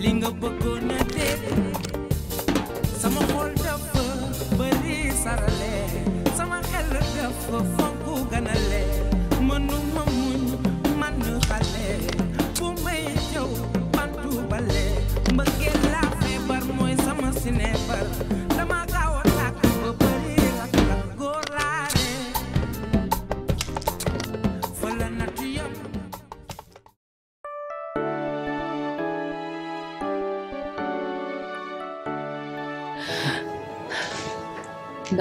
li nga bëggoon a sama xol dafa bëri sarale sama xel dafa fonk ganale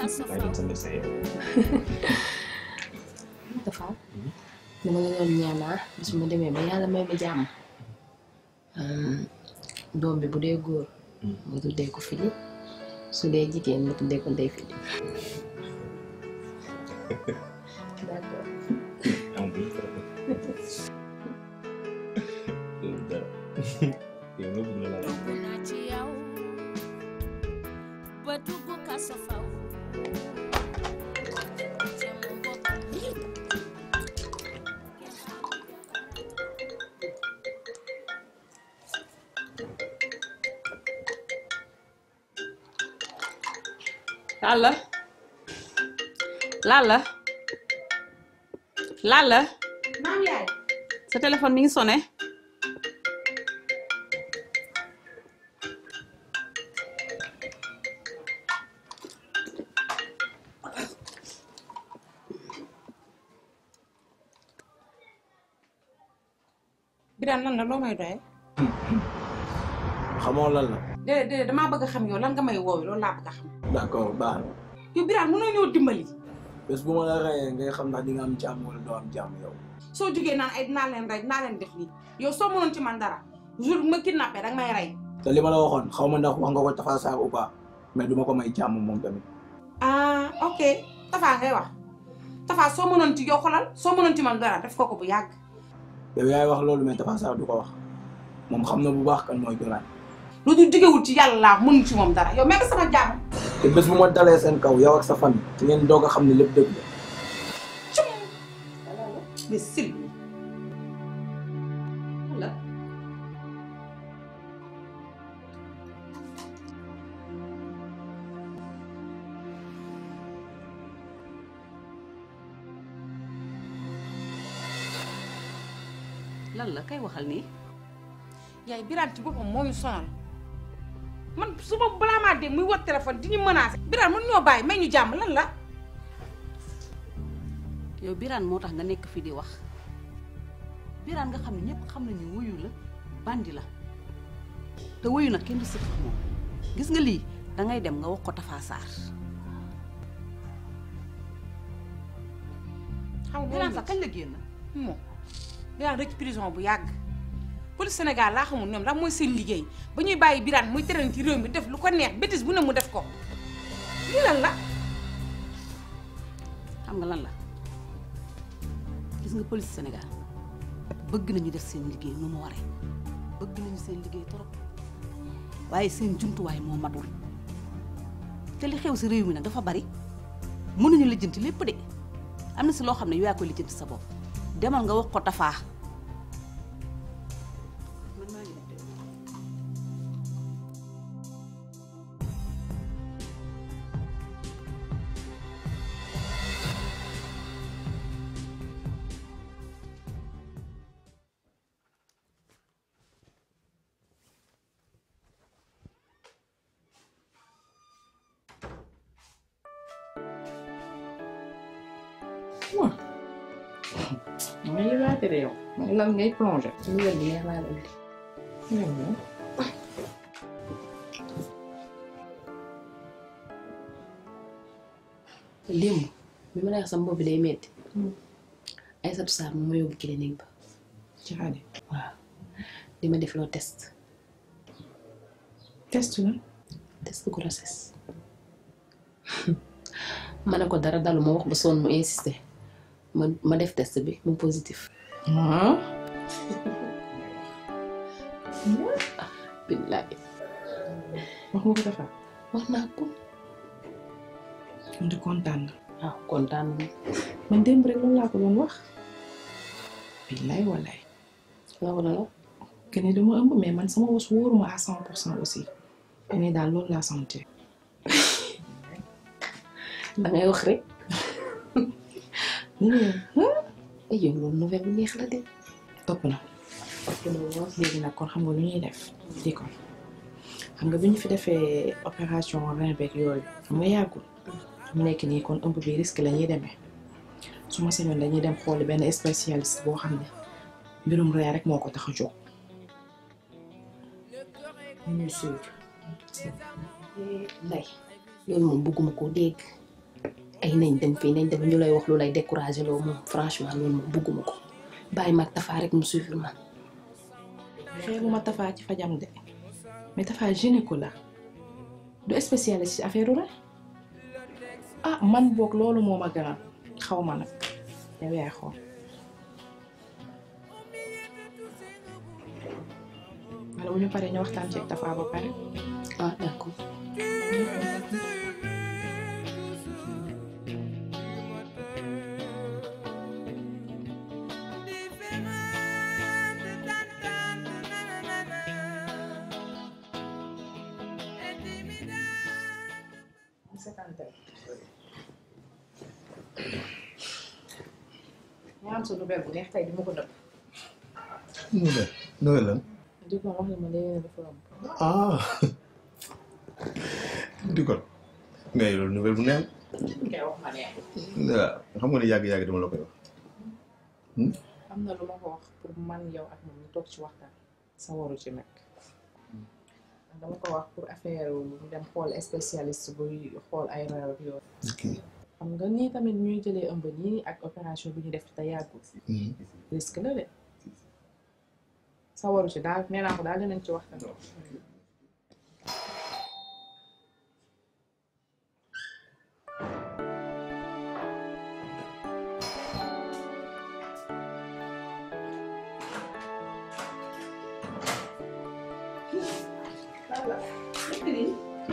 maa ngi dafa dama la doon ñaanaa bis ma demee ba yàlla may ma jàmm doom bi bu dee góor. mu tuddee ko Philippe su dee jigéen mu tuddee ko Ndeye Philippe. Lalla Lalla Lalla. sa téléphone mi ngi sonné. Birane lan la loo may doyee. xamoo lan la. déedéet damaa bëgg a xam yow lan may woowee loolu laa bëgg a xam. d'accord Ba. Yo yow Birane ñoo dimbali. bés bu la rayee ngay xam ndax di nga am jàmm wala doo am jàmm yow. soo jógee naan ay dinaa leen rey dinaa leen def nii yow soo mënoon ci man dara jour ma kidnappé danga may la ndax wax nga ko Tafa ou pas mais ko may tamit. ah ok Tafa ngay wax Tafa soo mënoon ci yow xolal soo mënoon ci man dara def ko ko bu yàgg. yow yaay wax loolu mais Tafa du ko wax bu baax kan lu ñu digewul ci yàlla laa mënu ci moom dara même sama jàmm te bés bu ma dalee seen kaw yow ak sa famille ngeen doog a xam ne la. mais la. lan la kay waxal yaay sonal. man su ma balaa maa dégg muy woo téléphone di ñu menacé. Birane mën ñoo bàyyi may ñu jàmm lan la. yow Birane moo tax nga nekk fii di wax Birane nga xam ne ñëpp xam nañu ne wuyu la bandi la te wuyu nag kenn du sëq moom gis nga lii dangay dem nga wax ko Tafa Sarr. xam nga Birane sax kañ la génn. moom Birane rëcc prison bu yàgg. police Sénégal laa xamul ñoom ndax mooy seen liggéey ba ñuy bàyyi Birane muy tëral ci réew mi def lu ko neex bêtise bu ne mu def ko lii lan la xam nga lan la gis nga police Sénégal bëgg nañu def seen liggéey nu mu waree bëgg nañu seen liggéey trop waaye seen jumtuwaay moo matul te li xew si réew mi nag dafa bari mënuñu lijjanti lépp de am na si loo xam ne yaa koy lijjanti sa bopp demal nga wax ko tafaa Mira te yow mooy lan ngay plongé. wér bi neex naa leen. démb bi ma lay wax sama bopp bi day metti ay satu saab ma yóbbu clinique ba ci xale waaw di ma def loo test test la test grossesse ma ne ko dara dalu ma wax ba sonn mu insisté ma ma def test bi mu positif. ah. billahi. wax ko dafa. wax naa ko. ndi kontaan na. waaw ah, kontaan na. man démb rek loolu laa ko doon wax. billahi wallahi. loolu la. que mais man sama was wóoruma à cent pour cent aussi. que daal loolu laa sentir. da wax rek. yow loolu nouvelle bu neex la de topp na topp na lool léegi nag kon xam nga lu ñuy def di ko xam nga bi ñu fi defee opération rein beeg yooyu xam nga yàggul mu nekk nii kon ëmb bi risque la ñuy demee su ma sañoon dañuy dem xooli benn spécialiste boo xam ne mbirum rein rek moo ko tax a jóg ñu suivre lay loolu moom bëgguma koo dégg ay nañ dem fii nañ dem ñu lay wax lu lay découragé loo moom franchement loolu moom bugguma ko bàyyi mag tafaa rek mu suivre man xeelu ma tafaa ci fajam de mais tafaa gynéco la du spécialiste ci affaire rek ah man boog loolu moo ma gënal xaw ma nag yow yaay wala bu ñu paree ñu waxtaan ci tafaa ba pare ah d'accord hmm? sa ah. nouvelle bu neex tey dama yàgg yàgg dama koy wax. Hmm? na lu ma ko pour man yow ak moom ñu toog ci waxtaan. sa waru ci nag. dama ko wax pour affaire dem xool spécialiste buy xool ay rab xam nga nii tamit ñuy jëlee ëmb nii ak opération bi ñu def te yàggul risque la de sa ci daal nee naa ko daal dinañ ci waxtaan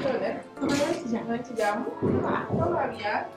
Voilà. C'est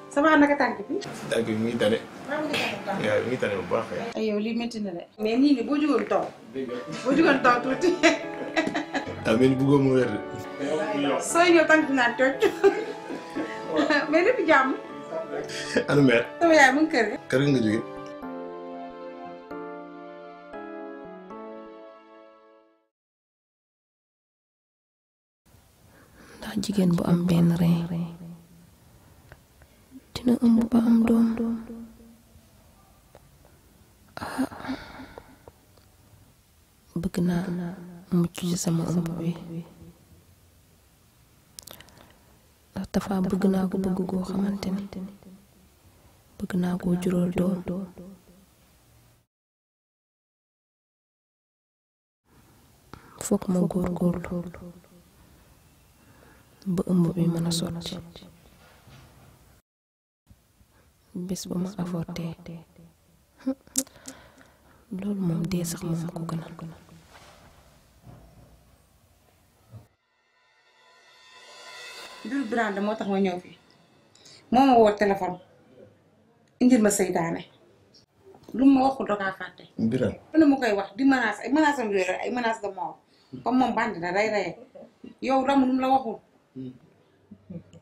sama anak tangki. bi. tànk bi mu ngi tane. waaw mu ngi tane bu baax kay. yow lii métti na de. mais nii nii tuh. Tapi ini boo jugoon taw tuuti. amiin bëggoon mu wér anu mer sama yaay mu ngi kër ga. kër ga nga bu am re. dina ëmb ba am doom ah bëgg naa mucc ci sama ëmb bi ndax dafa bëgg naa bëgg koo xamante ni bëgg naa koo jural doom fokk ma góorgóorlu ba ëmb bi mën a sotti bés ba ma avorté loolu moom dee sax moom ko gënal dul brand moo tax ma ñëw fi moo ma woo téléphone indil ma seytaane lu ma waxul dokaa fàtte biral ne koy wax di menace ay menace am yooyu comme moom bandi rey reye yow ram lu mu la waxul hmm.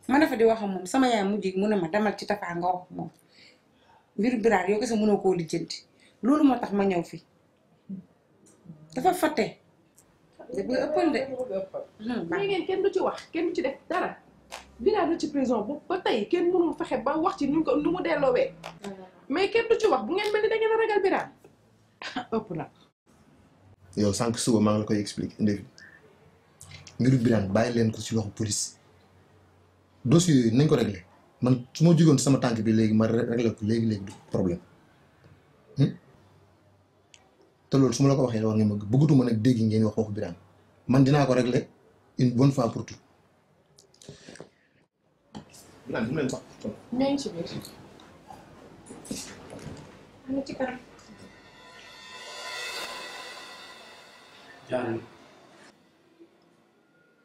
ma dafa di wax mom sama yaay mujj mu ne ma damal ci tafa nga wax mom mbiru biraar yo kese mu koo ko lijeenti lolu motax ma ñew fi dafa faté da bu ëppal de ñi hmm, ngeen kenn du ci wax kenn du ci def dara biraar du ci prison bu ba tay kenn mënul faxe ba wax ci nu ko nu mu delloowee mais kenn du ci wax bu ngeen melni da ngeen ragal biraar ëpp na yow sank suba ma nga koy expliquer ndef ngir biraar bàyyi leen ko ci wax police dossier yooyu nañ ko réglé man su ma jugoon sama tànk bi léegi ma réglé ko léegi léegi du problème hmm? te loolu su ma la ko waxee war ngeen ma bëggatuma nag dégg ngeen wax waxu Birame man dinaa ko réglé une bonne fois pour tout.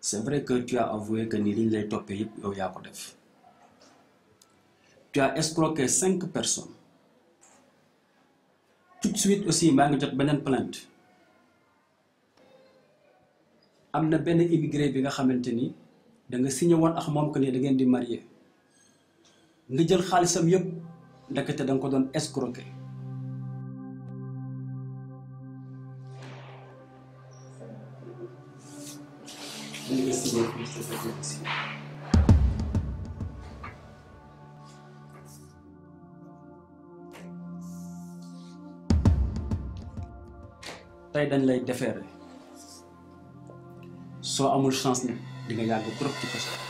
c'est vrai que tu as avoué que ni liñ lay toppee yëpp yow yaa def tu as escroqué cinq personnes tout de suite aussi maa ngi jot beneen plainte am na immigré bi nga xamante ni da nga signé woon ak moom que ni da ngeen di marié nga jël xaalisam yëpp ndekete da nga ko doon escroqué Merci beaucoup. Merci. tay dañ lay defeere so amul chance ni di nga yag trop ci kaso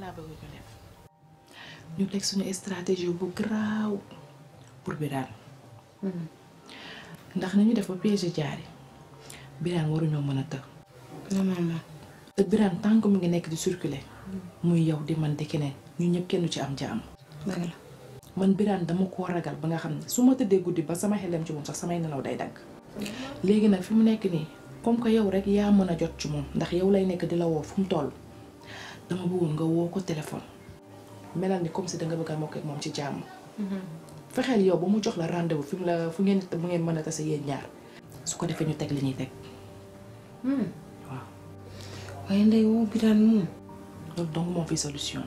lan laa teg suñu stratégie bu graaw pour Birane mm-hmm. ndax nañu def ba piégé jaari Birane waruñoo mën a tëg normalement te Birane tant mu ngi nekk di circuler mm-hmm. muy yow di man di keneen ñu ñëpp kenn ci am ja am man Birane dama koo ragal ba nga xam ne su ma tëddee guddi ba sama xelam ci moom sax samay nelaw day dagg mm-hmm. léegi nag fi mu nekk nii comme que yow rek yaa mën a jot ci moom ndax yow lay nekk di la woo fu mu toll dama bëggoon nga woo ko téléphone melal ni comme si da nga bëgg a mokk ak moom ci jàmm. fexeel yow ba mu jox la rendez-vous fi mu la fu ngeen mu ngeen mën a tase yéen ñaar su ko defee ñu teg li ñuy teg. Hmm. waaw. waaye ndey woo moo fi solution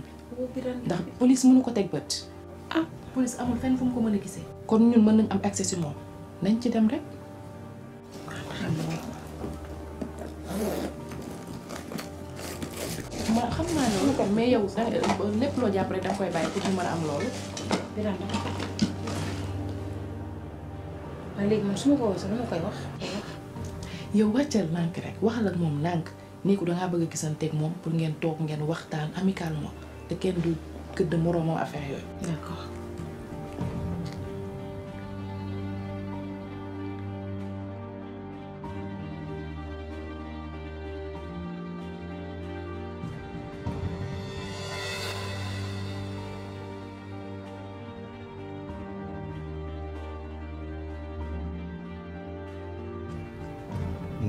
bi. ndax police mënu ko teg bët. ah police amul fenn ko mën a gisee. kon ñun mën nañ am accès moom nañ ci dem rek. Ah, xam ma xam naa loolu mais yow lépp loo jàpp rek da koy bàyyi pour ñu mën am loolu. léegi man su ma ko woowee sax dama koy wax. yow wàccal nànk rek waxal ak moom nànk nii ko dangaa bëgg a gisanteeg moom pour ngeen toog ngeen waxtaan amicalement te kenn du këdd moroomam affaire yooyu. ko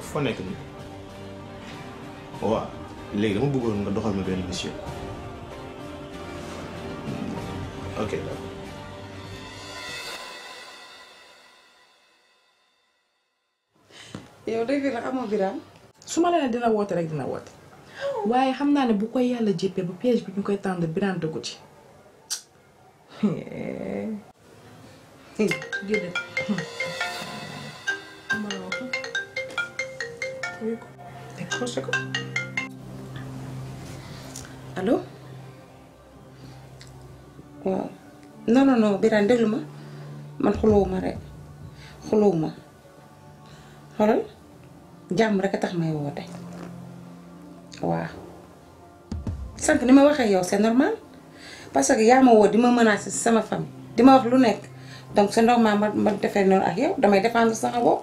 foo nekk nii waaw léegi dama bëggoon nga doxal ma benn monsieur ok d'accord yow dëgg la amoo Birame su ma la ne dina woote rek dina woote waaye xam naa ne bu koy yàlla jéppee ba piège bi ñu koy tendre Birame dugg ci génn Hoşçakal. allo waaw non non non Birane ma man xulowuma rek xulowuma xoolal jàmm rek a tax may woote waaw sànq ni ma waxee yow c'est normal parce que yaa ma woo di ma menacer sama fam di ma wax lu nekk donc c'est normal ma ma defee noonu ak yow damay défendre sama bopp.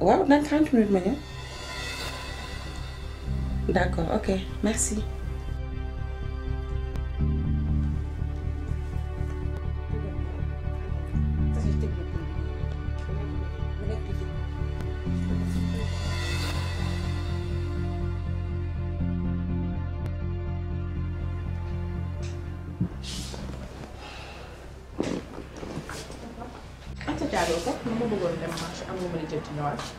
waaw dans 30 minutes maintenant. Hein. d'accord ok merci. tonight.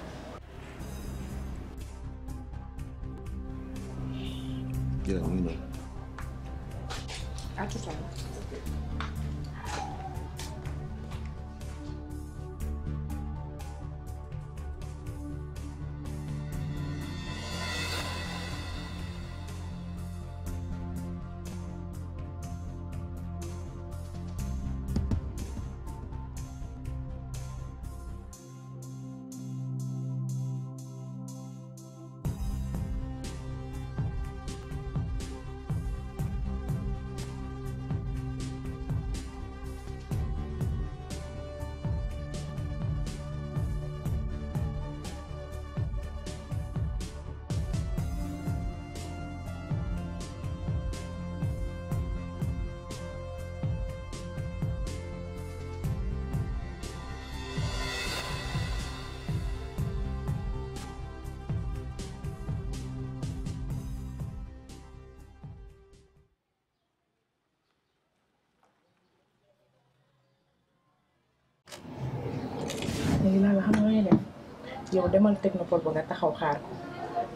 yow demal technopole ba nga taxaw xaar ko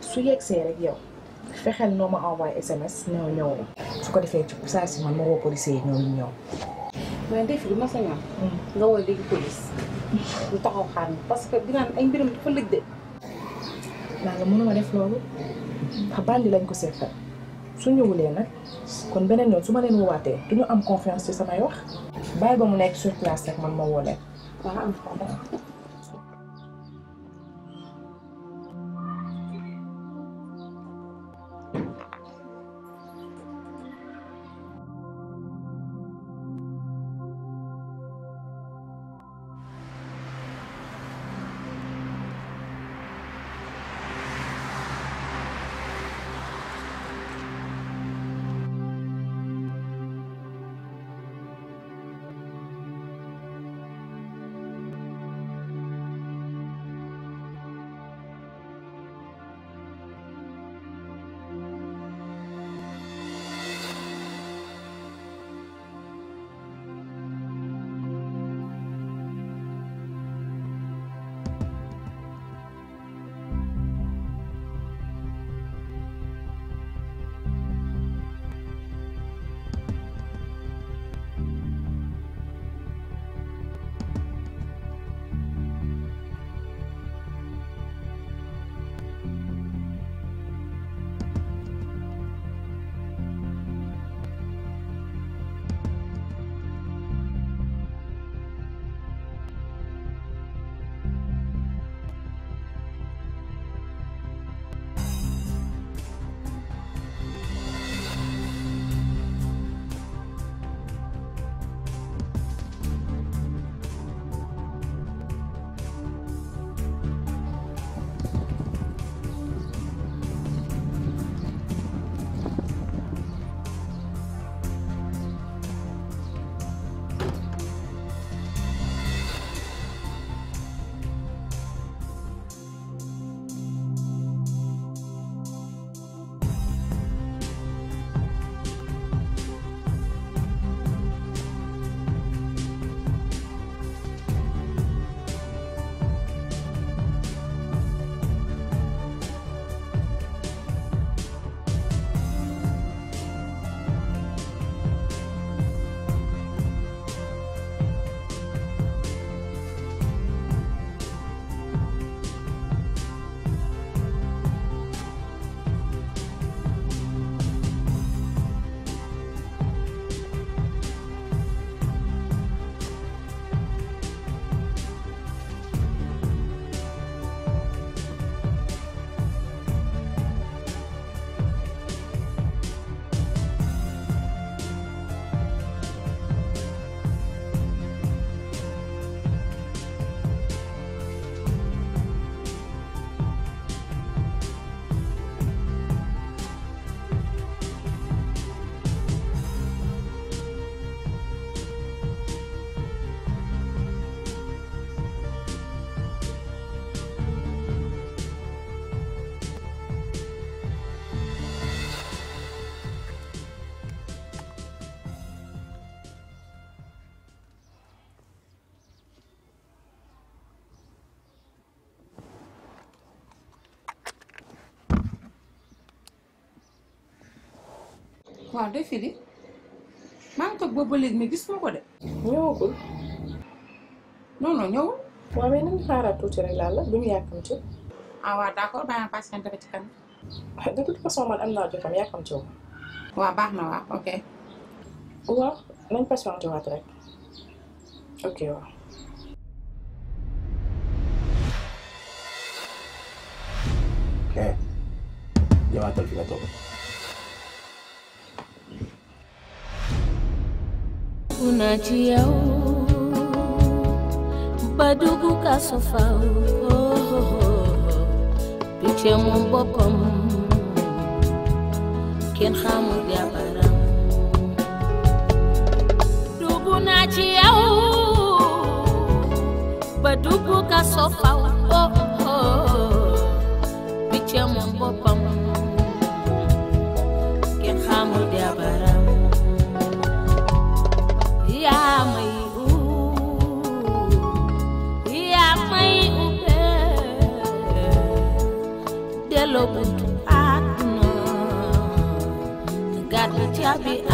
su yegsee rek yow fexeel noo ma envoyé SMS ñëw ñëw su ko defee ci saa si man ma woo policier yi ñëw ñëw. mais def bi ma sañoon. Hmm. nga woo léegi police. lu parce que dinaan ay mbiram dafa lëj de. naa nga mënuma def loolu. xabaar li lañ ko seetal. su ñëwulee nag kon beneen yoon su ma leen woowaatee du ñu am confiance ci samay wax. bàyyi ba mu nekk sur rek man ma woo waaw day firi maa ngi toog boobu léegi mais gis nga de. ñëwagul. non non ñëwul. waaw mais nañu xaaral tuuti rek laal la duñu yàkkamti. ah waaw d'accord bàyyi ma ba ci kanam. Ah, de toute façon man am naa eh kuna jiao badugu kasofau. sofa picce moom boppam kenn xamul jabaram dugg naa ci yow no buntu akno gat